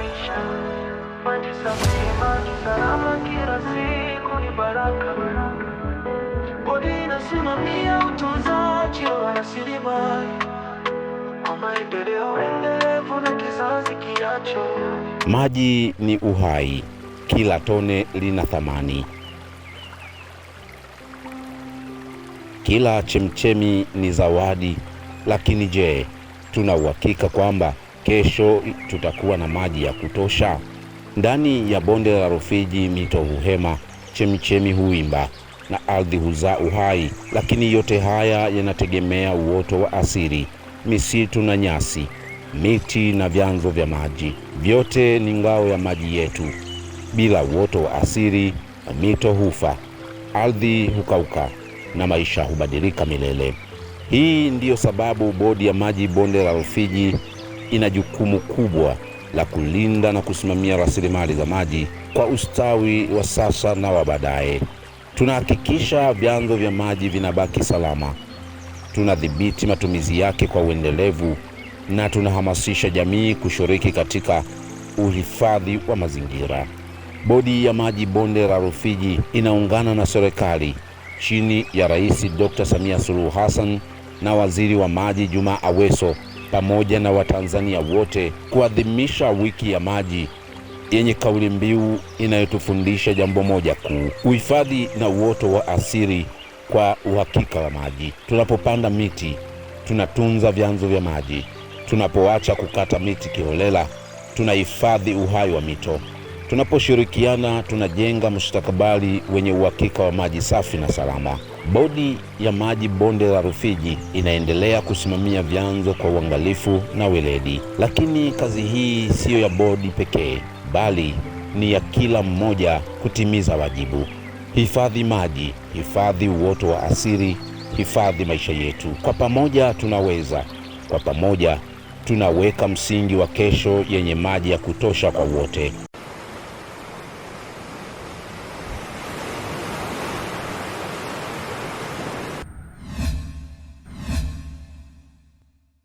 maisha. Maji safi, maji salama, kila siku ni baraka. Bodi inasimamia utunzaji wa rasilimali kwa maendeleo endelevu na kizazi Maji ni uhai, kila tone lina thamani, kila chemchemi ni zawadi. Lakini je, tuna uhakika kwamba kesho tutakuwa na maji ya kutosha. Ndani ya bonde la Rufiji mito huhema, chemichemi huimba na ardhi huzaa uhai, lakini yote haya yanategemea uoto wa asili, misitu na nyasi, miti na vyanzo vya maji. Vyote ni ngao ya maji yetu. Bila uoto wa asili, mito hufa, ardhi hukauka na maisha hubadilika milele. Hii ndiyo sababu bodi ya maji bonde la Rufiji ina jukumu kubwa la kulinda na kusimamia rasilimali za maji kwa ustawi wa sasa na wa baadaye. Tunahakikisha vyanzo vya maji vinabaki salama, tunadhibiti matumizi yake kwa uendelevu na tunahamasisha jamii kushiriki katika uhifadhi wa mazingira. Bodi ya maji bonde la Rufiji inaungana na serikali chini ya Rais Dr. Samia Suluhu Hassan na Waziri wa Maji Juma Aweso pamoja na Watanzania wote kuadhimisha wiki ya maji yenye kauli mbiu inayotufundisha jambo moja kuu: uhifadhi na uoto wa asili kwa uhakika wa maji. Tunapopanda miti tunatunza vyanzo vya maji, tunapoacha kukata miti kiholela tunahifadhi uhai wa mito, tunaposhirikiana tunajenga mustakabali wenye uhakika wa maji safi na salama. Bodi ya maji bonde la Rufiji inaendelea kusimamia vyanzo kwa uangalifu na weledi, lakini kazi hii siyo ya bodi pekee, bali ni ya kila mmoja kutimiza wajibu. Hifadhi maji, hifadhi uoto wa asili, hifadhi maisha yetu. Kwa pamoja tunaweza, kwa pamoja tunaweka msingi wa kesho yenye maji ya kutosha kwa wote.